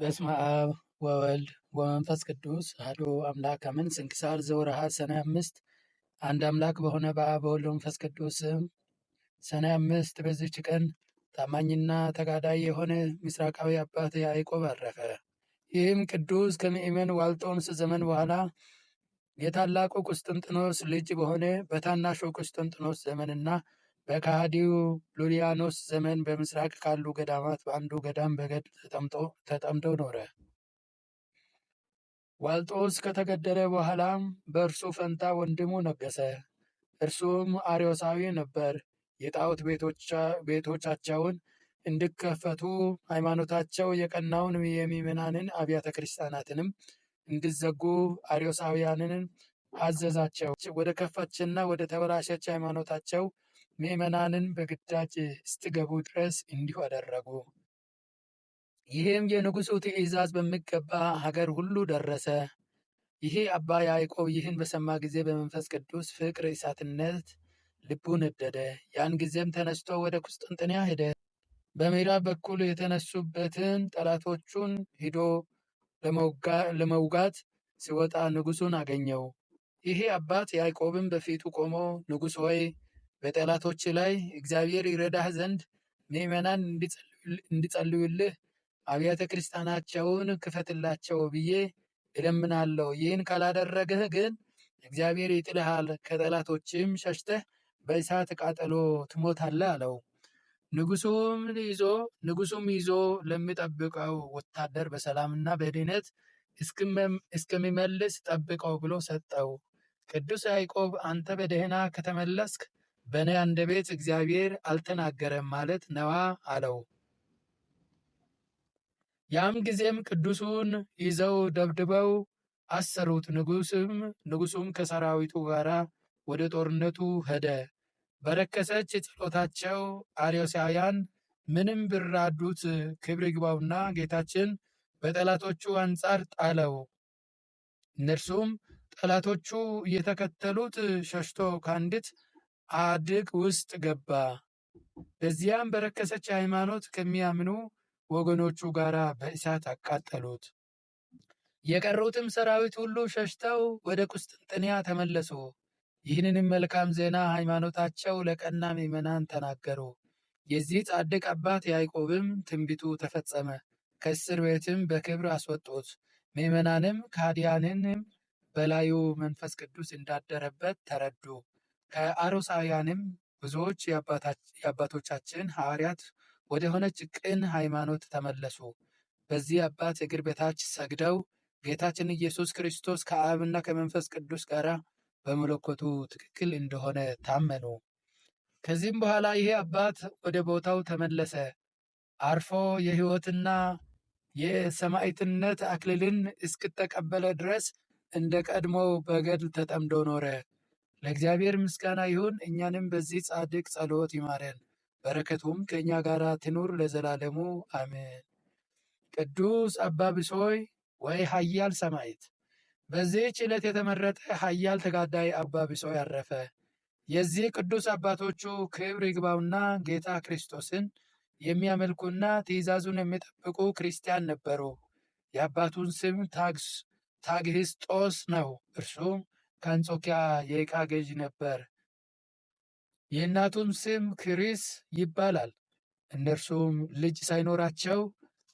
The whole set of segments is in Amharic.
በስመ አብ ወወልድ ወመንፈስ ቅዱስ አሐዱ አምላክ አሜን። ስንክሳር ዘወርኀ ሰኔ አምስት አንድ አምላክ በሆነ በአብ በወልድ በመንፈስ ቅዱስ ሰኔ አምስት በዚች ቀን ታማኝና ተጋዳይ የሆነ ምስራቃዊ አባት ያዕቆብ አረፈ። ይህም ቅዱስ ከምዕመን ዋልጦንስ ዘመን በኋላ የታላቁ ቁስጥንጥኖስ ልጅ በሆነ በታናሹ ቁስጥንጥኖስ ዘመንና በካዲው ሉሊያኖስ ዘመን በምስራቅ ካሉ ገዳማት በአንዱ ገዳም በገድ ተጠምደው ኖረ። ዋልጦስ ከተገደለ በኋላም በእርሱ ፈንታ ወንድሙ ነገሰ እርሱም አርዮሳዊ ነበር። የጣዖት ቤቶቻቸውን እንዲከፈቱ ሃይማኖታቸው የቀናውን የምዕመናንን አብያተ ክርስቲያናትንም እንዲዘጉ አርዮሳውያንን አዘዛቸው። ወደ ከፋችና ወደ ተበላሸች ሃይማኖታቸው ምዕመናንን በግዳጅ እስትገቡ ድረስ እንዲሁ አደረጉ። ይህም የንጉሱ ትእዛዝ በሚገባ ሀገር ሁሉ ደረሰ። ይህ አባ ያዕቆብ ይህን በሰማ ጊዜ በመንፈስ ቅዱስ ፍቅር እሳትነት ልቡ ነደደ። ያን ጊዜም ተነስቶ ወደ ቁስጥንጥንያ ሄደ። በምዕራብ በኩል የተነሱበትን ጠላቶቹን ሂዶ ለመውጋት ሲወጣ ንጉሱን አገኘው። ይሄ አባት ያዕቆብም በፊቱ ቆሞ ንጉሥ ሆይ በጠላቶች ላይ እግዚአብሔር ይረዳህ ዘንድ ምእመናን እንዲጸልዩልህ አብያተ ክርስቲያናቸውን ክፈትላቸው ብዬ እለምናለሁ። ይህን ካላደረግህ ግን እግዚአብሔር ይጥልሃል፣ ከጠላቶችም ሸሽተህ በእሳት ቃጠሎ ትሞታለህ አለው። ንጉሱም ይዞ ንጉሱም ይዞ ለሚጠብቀው ወታደር በሰላምና በድህነት እስከሚመልስ ጠብቀው ብሎ ሰጠው። ቅዱስ ያዕቆብ አንተ በደህና ከተመለስክ በእኔ አንደበት እግዚአብሔር አልተናገረም ማለት ነዋ አለው። ያም ጊዜም ቅዱሱን ይዘው ደብድበው አሰሩት። ንጉስም ንጉሱም ከሰራዊቱ ጋር ወደ ጦርነቱ ሄደ። በረከሰች ጸሎታቸው አርዮሳውያን ምንም ቢራዱት ክብር ይግባውና ጌታችን በጠላቶቹ አንጻር ጣለው። እነርሱም ጠላቶቹ እየተከተሉት ሸሽቶ ከአንዲት አድቅ ውስጥ ገባ። በዚያም በረከሰች ሃይማኖት ከሚያምኑ ወገኖቹ ጋር በእሳት አቃጠሉት። የቀሩትም ሰራዊት ሁሉ ሸሽተው ወደ ቁስጥንጥንያ ተመለሱ። ይህንንም መልካም ዜና ሃይማኖታቸው ለቀና ምዕመናን ተናገሩ። የዚህ ጻድቅ አባት ያዕቆብም ትንቢቱ ተፈጸመ። ከእስር ቤትም በክብር አስወጡት። ምዕመናንም ካዲያንንም በላዩ መንፈስ ቅዱስ እንዳደረበት ተረዱ። ከአሮሳውያንም ብዙዎች የአባቶቻችን ሐዋርያት ወደ ሆነች ቅን ሃይማኖት ተመለሱ። በዚህ አባት እግር በታች ሰግደው ጌታችን ኢየሱስ ክርስቶስ ከአብና ከመንፈስ ቅዱስ ጋር በመለኮቱ ትክክል እንደሆነ ታመኑ። ከዚህም በኋላ ይሄ አባት ወደ ቦታው ተመለሰ። አርፎ የሕይወትና የሰማዕትነት አክሊልን እስክተቀበለ ድረስ እንደ ቀድሞ በገድል ተጠምዶ ኖረ። ለእግዚአብሔር ምስጋና ይሁን። እኛንም በዚህ ጻድቅ ጸሎት ይማረን፣ በረከቱም ከእኛ ጋር ትኑር ለዘላለሙ አሜን። ቅዱስ አባ ብሶይ ወይ ኃያል ሰማዕት። በዚህች ዕለት የተመረጠ ኃያል ተጋዳይ አባ ብሶይ አረፈ። የዚህ ቅዱስ አባቶቹ ክብር ይግባውና ጌታ ክርስቶስን የሚያመልኩና ትእዛዙን የሚጠብቁ ክርስቲያን ነበሩ። የአባቱን ስም ታግህስጦስ ነው። እርሱም ከአንጾኪያ የዕቃ ገዥ ነበር። የእናቱም ስም ክሪስ ይባላል። እነርሱም ልጅ ሳይኖራቸው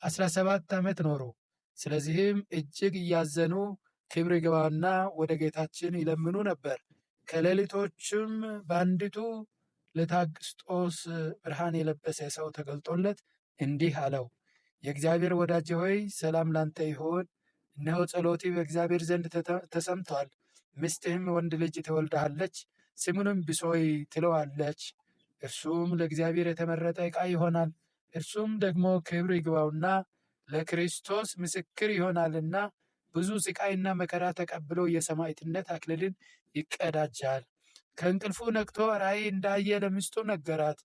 17 ሰባት ዓመት ኖሩ። ስለዚህም እጅግ እያዘኑ ክብር ይግባውና ወደ ጌታችን ይለምኑ ነበር። ከሌሊቶችም በአንዲቱ ለታግስጦስ ብርሃን የለበሰ ሰው ተገልጦለት እንዲህ አለው፣ የእግዚአብሔር ወዳጅ ሆይ ሰላም ላንተ ይሁን። እነሆ ጸሎቴ በእግዚአብሔር ዘንድ ተሰምቷል፣ ምስትህም ወንድ ልጅ ትወልድሃለች፣ ስሙንም ብሶይ ትለዋለች። እርሱም ለእግዚአብሔር የተመረጠ ዕቃ ይሆናል። እርሱም ደግሞ ክብር ይግባውና ለክርስቶስ ምስክር ይሆናልና ብዙ ስቃይና መከራ ተቀብሎ የሰማዕትነት አክሊልን ይቀዳጃል። ከእንቅልፉ ነቅቶ ራእይ እንዳየ ለሚስቱ ነገራት።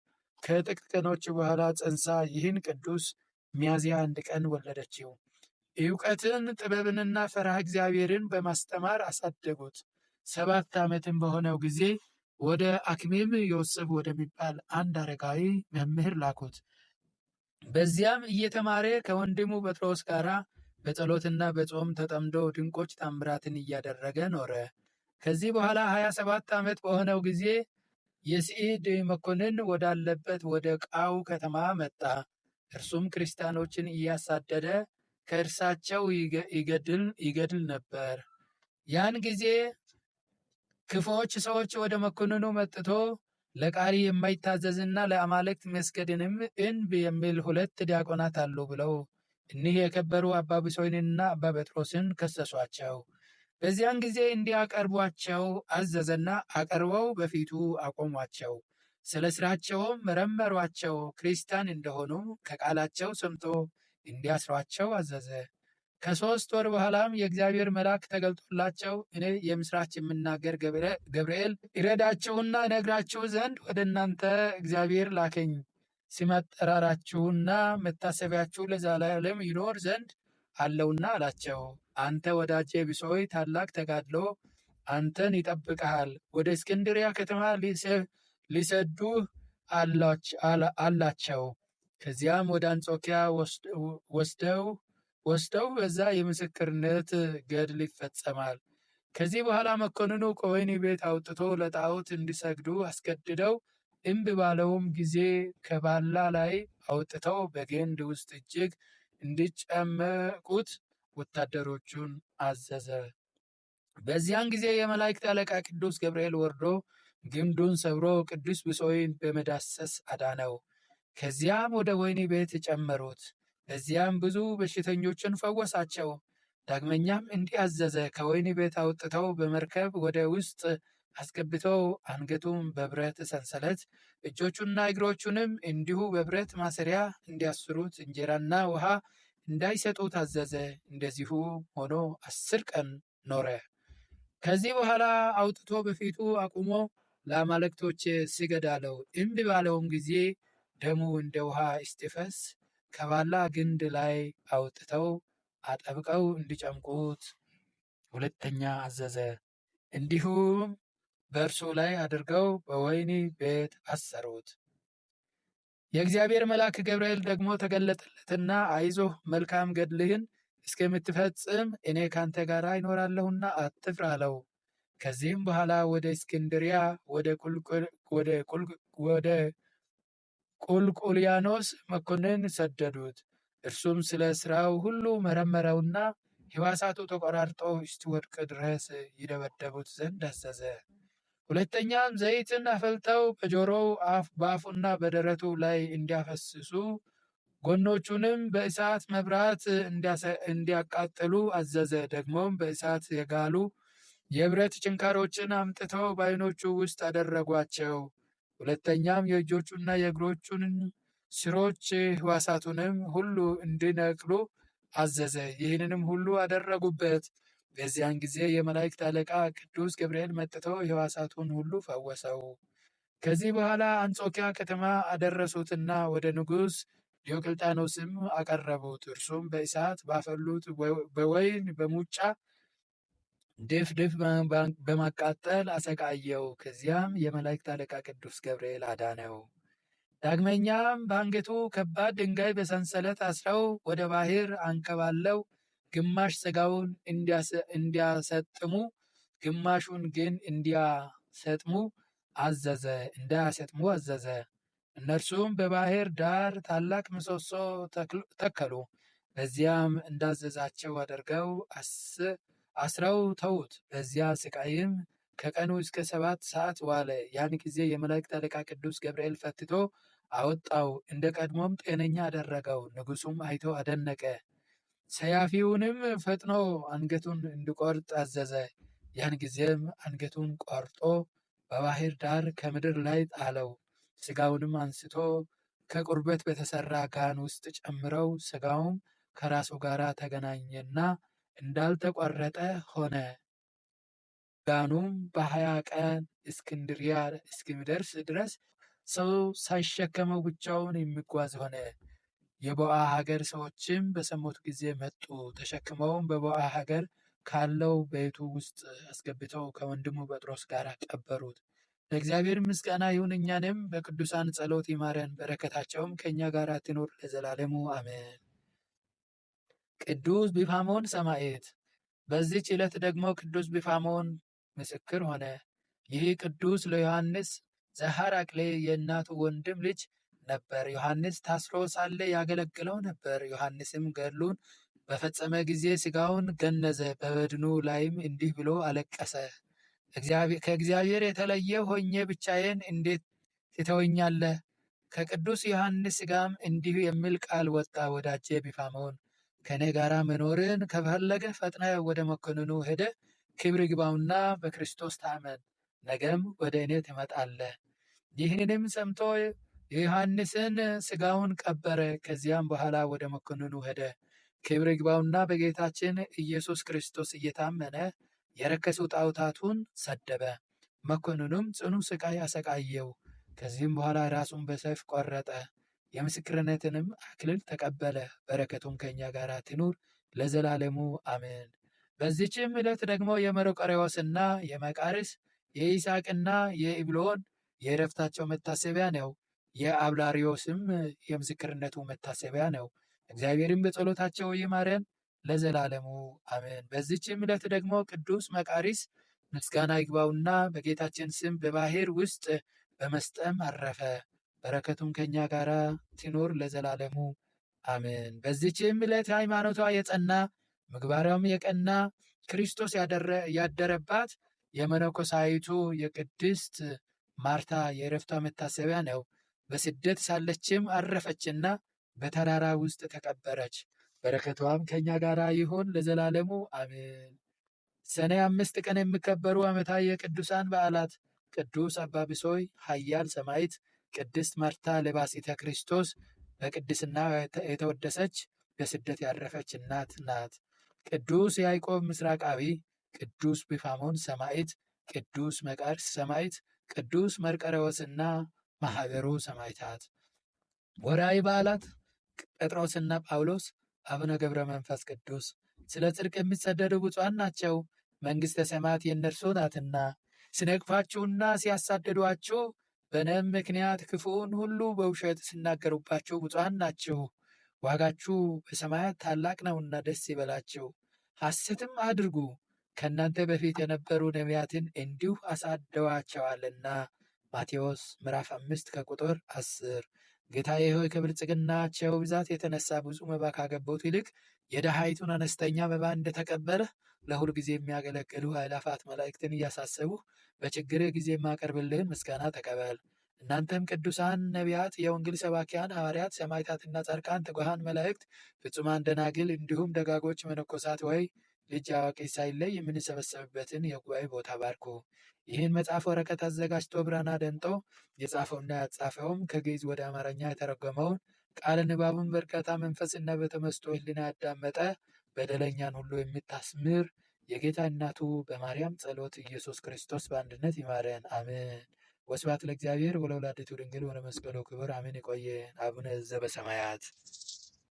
ከጥቂት ቀኖች በኋላ ጸንሳ ይህን ቅዱስ ሚያዝያ አንድ ቀን ወለደችው። እውቀትን ጥበብንና ፈሪሃ እግዚአብሔርን በማስተማር አሳደጉት። ሰባት ዓመትም በሆነው ጊዜ ወደ አክሚም ዮሴፍ ወደሚባል አንድ አረጋዊ መምህር ላኩት። በዚያም እየተማረ ከወንድሙ ጴጥሮስ ጋር በጸሎትና በጾም ተጠምዶ ድንቆች ታምራትን እያደረገ ኖረ። ከዚህ በኋላ 27 ዓመት በሆነው ጊዜ የስዒድ መኮንን ወዳለበት ወደ ቃው ከተማ መጣ። እርሱም ክርስቲያኖችን እያሳደደ ከእርሳቸው ይገድል ነበር። ያን ጊዜ ክፉዎች ሰዎች ወደ መኮንኑ መጥቶ ለቃሪ የማይታዘዝና ለአማልክት መስገድንም እንብ የሚል ሁለት ዲያቆናት አሉ ብለው እኒህ የከበሩ አባ ብሶይንና አባ ጴጥሮስን ከሰሷቸው። በዚያን ጊዜ እንዲያቀርቧቸው አዘዘና አቀርበው በፊቱ አቆሟቸው። ስለ ስራቸውም መረመሯቸው፣ ክርስቲያን እንደሆኑ ከቃላቸው ሰምቶ እንዲያስሯቸው አዘዘ። ከሦስት ወር በኋላም የእግዚአብሔር መልአክ ተገልጦላቸው እኔ የምስራች የምናገር ገብርኤል ይረዳችሁና እነግራችሁ ዘንድ ወደ እናንተ እግዚአብሔር ላከኝ። ሲመጠራራችሁና መታሰቢያችሁ ለዘላለም ይኖር ዘንድ አለውና አላቸው። አንተ ወዳጄ ብሶይ ታላቅ ተጋድሎ አንተን ይጠብቀሃል። ወደ እስክንድሪያ ከተማ ሊሰዱህ አላቸው። ከዚያም ወደ አንጾኪያ ወስደው ወስደው በዛ የምስክርነት ገድል ይፈጸማል። ከዚህ በኋላ መኮንኑ ከወህኒ ቤት አውጥቶ ለጣዖት እንዲሰግዱ አስገድደው እንብ ባለውም ጊዜ ከባላ ላይ አውጥተው በግንድ ውስጥ እጅግ እንዲጨመቁት ወታደሮቹን አዘዘ። በዚያን ጊዜ የመላእክት አለቃ ቅዱስ ገብርኤል ወርዶ ግንዱን ሰብሮ ቅዱስ ብሶይን በመዳሰስ አዳነው። ከዚያም ወደ ወህኒ ቤት ጨመሩት። በዚያም ብዙ በሽተኞችን ፈወሳቸው። ዳግመኛም እንዲህ አዘዘ፣ ከወህኒ ቤት አውጥተው በመርከብ ወደ ውስጥ አስገብተው አንገቱን በብረት ሰንሰለት እጆቹና እግሮቹንም እንዲሁ በብረት ማሰሪያ እንዲያስሩት እንጀራና ውሃ እንዳይሰጡት አዘዘ። እንደዚሁ ሆኖ አስር ቀን ኖረ። ከዚህ በኋላ አውጥቶ በፊቱ አቁሞ ለአማልክቶቼ ስገድ አለው። እምቢ ባለውም ጊዜ ደሙ እንደ ውሃ እስጢፈስ ከባላ ግንድ ላይ አውጥተው አጠብቀው እንዲጨምቁት ሁለተኛ አዘዘ። እንዲሁም በእርሱ ላይ አድርገው በወይኒ ቤት አሰሩት። የእግዚአብሔር መልአክ ገብርኤል ደግሞ ተገለጠለትና አይዞህ መልካም ገድልህን እስከምትፈጽም እኔ ካንተ ጋር ይኖራለሁና አትፍራ አለው። ከዚህም በኋላ ወደ እስክንድሪያ ወደ ቁልቁልያኖስ መኮንን ሰደዱት። እርሱም ስለ ሥራው ሁሉ መረመረውና ሕዋሳቱ ተቆራርጦ እስኪወድቅ ድረስ ይደበደቡት ዘንድ አዘዘ። ሁለተኛም ዘይትን አፈልተው በጆሮው በአፉና በደረቱ ላይ እንዲያፈስሱ ጎኖቹንም በእሳት መብራት እንዲያቃጥሉ አዘዘ። ደግሞም በእሳት የጋሉ የብረት ችንካሮችን አምጥተው በዓይኖቹ ውስጥ አደረጓቸው። ሁለተኛም የእጆቹና የእግሮቹን ስሮች ህዋሳቱንም ሁሉ እንዲነቅሉ አዘዘ። ይህንንም ሁሉ አደረጉበት። በዚያን ጊዜ የመላእክት አለቃ ቅዱስ ገብርኤል መጥቶ ህዋሳቱን ሁሉ ፈወሰው። ከዚህ በኋላ አንጾኪያ ከተማ አደረሱትና ወደ ንጉሥ ዲዮቅልጣኖስም አቀረቡት። እርሱም በእሳት ባፈሉት በወይን በሙጫ ድፍ ድፍ በማቃጠል አሰቃየው። ከዚያም የመላእክት አለቃ ቅዱስ ገብርኤል አዳነው። ዳግመኛም በአንገቱ ከባድ ድንጋይ በሰንሰለት አስረው ወደ ባህር አንከባለው ግማሽ ስጋውን እንዲያሰጥሙ ግማሹን ግን እንዲያሰጥሙ አዘዘ እንዳያሰጥሙ አዘዘ። እነርሱም በባህር ዳር ታላቅ ምሰሶ ተከሉ። በዚያም እንዳዘዛቸው አድርገው አስረው ተዉት። በዚያ ስቃይም ከቀኑ እስከ ሰባት ሰዓት ዋለ። ያን ጊዜ የመላእክት አለቃ ቅዱስ ገብርኤል ፈትቶ አወጣው፣ እንደ ቀድሞም ጤነኛ አደረገው። ንጉሱም አይቶ አደነቀ። ሰያፊውንም ፈጥኖ አንገቱን እንዲቆርጥ አዘዘ። ያን ጊዜም አንገቱን ቆርጦ በባህር ዳር ከምድር ላይ ጣለው። ስጋውንም አንስቶ ከቁርበት በተሰራ ጋን ውስጥ ጨምረው ስጋውም ከራሱ ጋር ተገናኘና እንዳልተቋረጠ ሆነ። ጋኑም በሀያ ቀን እስክንድሪያ እስኪደርስ ድረስ ሰው ሳይሸከመው ብቻውን የሚጓዝ ሆነ። የቦአ ሀገር ሰዎችም በሰሙት ጊዜ መጡ። ተሸክመውም በቦአ ሀገር ካለው ቤቱ ውስጥ አስገብተው ከወንድሙ ጴጥሮስ ጋር ቀበሩት። ለእግዚአብሔር ምስጋና ይሁን፣ እኛንም በቅዱሳን ጸሎት ይማረን፣ በረከታቸውም ከእኛ ጋር ትኖር ለዘላለሙ አሜን። ቅዱስ ቢፋሞን ሰማዕት። በዚች ዕለት ደግሞ ቅዱስ ቢፋሞን ምስክር ሆነ። ይህ ቅዱስ ለዮሐንስ ዘሐራቅሌ የእናቱ ወንድም ልጅ ነበር። ዮሐንስ ታስሮ ሳለ ያገለግለው ነበር። ዮሐንስም ገድሉን በፈጸመ ጊዜ ሥጋውን ገነዘ። በበድኑ ላይም እንዲህ ብሎ አለቀሰ። ከእግዚአብሔር የተለየ ሆኜ ብቻዬን እንዴት ትተወኛለህ? ከቅዱስ ዮሐንስ ሥጋም እንዲህ የሚል ቃል ወጣ። ወዳጄ ቢፋሞን ከእኔ ጋር መኖርን ከፈለገ ፈጥነ ወደ መኮንኑ ሄደ ክብር ግባውና በክርስቶስ ታመን፣ ነገም ወደ እኔ ትመጣለ። ይህንም ሰምቶ የዮሐንስን ስጋውን ቀበረ። ከዚያም በኋላ ወደ መኮንኑ ሄደ። ክብር ግባውና በጌታችን ኢየሱስ ክርስቶስ እየታመነ የረከሱ ጣዖታቱን ሰደበ። መኮንኑም ጽኑ ስቃይ አሰቃየው። ከዚህም በኋላ ራሱን በሰይፍ ቆረጠ። የምስክርነትንም አክሊል ተቀበለ። በረከቱም ከእኛ ጋር ትኑር ለዘላለሙ አሜን። በዚችም ዕለት ደግሞ የመርቆሬዎስና የመቃርስ የኢሳቅና የኢብሎን የእረፍታቸው መታሰቢያ ነው። የአብላሪዎስም የምስክርነቱ መታሰቢያ ነው። እግዚአብሔርም በጸሎታቸው ይማረን ለዘላለሙ አሜን። በዚችም ዕለት ደግሞ ቅዱስ መቃሪስ ምስጋና ይግባውና በጌታችን ስም በባሕር ውስጥ በመስጠም አረፈ። በረከቱም ከእኛ ጋር ሲኖር ለዘላለሙ አሜን። በዚችም ዕለት ሃይማኖቷ የጸና ምግባሯም የቀና ክርስቶስ ያደረባት የመነኮሳይቱ የቅድስት ማርታ የእረፍቷ መታሰቢያ ነው። በስደት ሳለችም አረፈችና በተራራ ውስጥ ተቀበረች። በረከቷም ከእኛ ጋር ይሆን ለዘላለሙ አሜን። ሰኔ አምስት ቀን የሚከበሩ ዓመታዊ የቅዱሳን በዓላት ቅዱስ አባ ብሶይ ኃያል ሰማዕት ቅድስት መርታ ለባሲተ ክርስቶስ በቅድስና የተወደሰች በስደት ያረፈች እናት ናት። ቅዱስ ያዕቆብ ምስራቃዊ፣ ቅዱስ ቢፋሞን ሰማዕት፣ ቅዱስ መቃርስ ሰማዕት፣ ቅዱስ መርቀረወስና ማህበሩ ሰማዕታት። ወርኃዊ በዓላት ጴጥሮስና ጳውሎስ፣ አቡነ ገብረ መንፈስ ቅዱስ። ስለ ጽድቅ የሚሰደዱ ብፁዓን ናቸው፣ መንግሥተ ሰማያት የእነርሱ ናትና። ሲነቅፋችሁና ሲያሳደዷችሁ! በነም ምክንያት ክፉውን ሁሉ በውሸት ሲናገሩባችሁ ብፁዓን ናችሁ፣ ዋጋችሁ በሰማያት ታላቅ ነውና ደስ ይበላችሁ። ሐሰትም አድርጉ፣ ከእናንተ በፊት የነበሩ ነቢያትን እንዲሁ አሳደዋቸዋልና። ማቴዎስ ምዕራፍ 5 ከቁጥር አስር ጌታዬ ሆይ ከብልጽግናቸው ብዛት የተነሳ ብዙ መባ ካገቡት ይልቅ የደሃይቱን አነስተኛ መባ እንደተቀበለ ለሁል ጊዜ የሚያገለግሉ ኃይላፋት መላእክትን እያሳሰቡ በችግር ጊዜ የማቀርብልህን ምስጋና ተቀበል። እናንተም ቅዱሳን ነቢያት፣ የወንጌል ሰባኪያን ሐዋርያት፣ ሰማዕታትና ጻድቃን፣ ትጉሃን መላእክት፣ ፍጹማን ደናግል፣ እንዲሁም ደጋጎች መነኮሳት ወይ ልጅ አዋቂ ሳይለይ የምንሰበሰብበትን የጉባኤ ቦታ ባርኩ። ይህን መጽሐፍ ወረቀት አዘጋጅቶ ብራና ደንጦ የጻፈውና ያጻፈውም ከግዕዝ ወደ አማርኛ የተረጎመውን ቃለ ንባቡን በእርጋታ መንፈስና በተመስጦ ሕሊና ያዳመጠ በደለኛን ሁሉ የምታስምር የጌታ እናቱ በማርያም ጸሎት ኢየሱስ ክርስቶስ በአንድነት ይማረን፣ አሜን። ወስብሐት ለእግዚአብሔር ወለወላዲቱ ድንግል ወለመስቀሉ ክቡር አሜን። ይቆየን። አቡነ ዘበሰማያት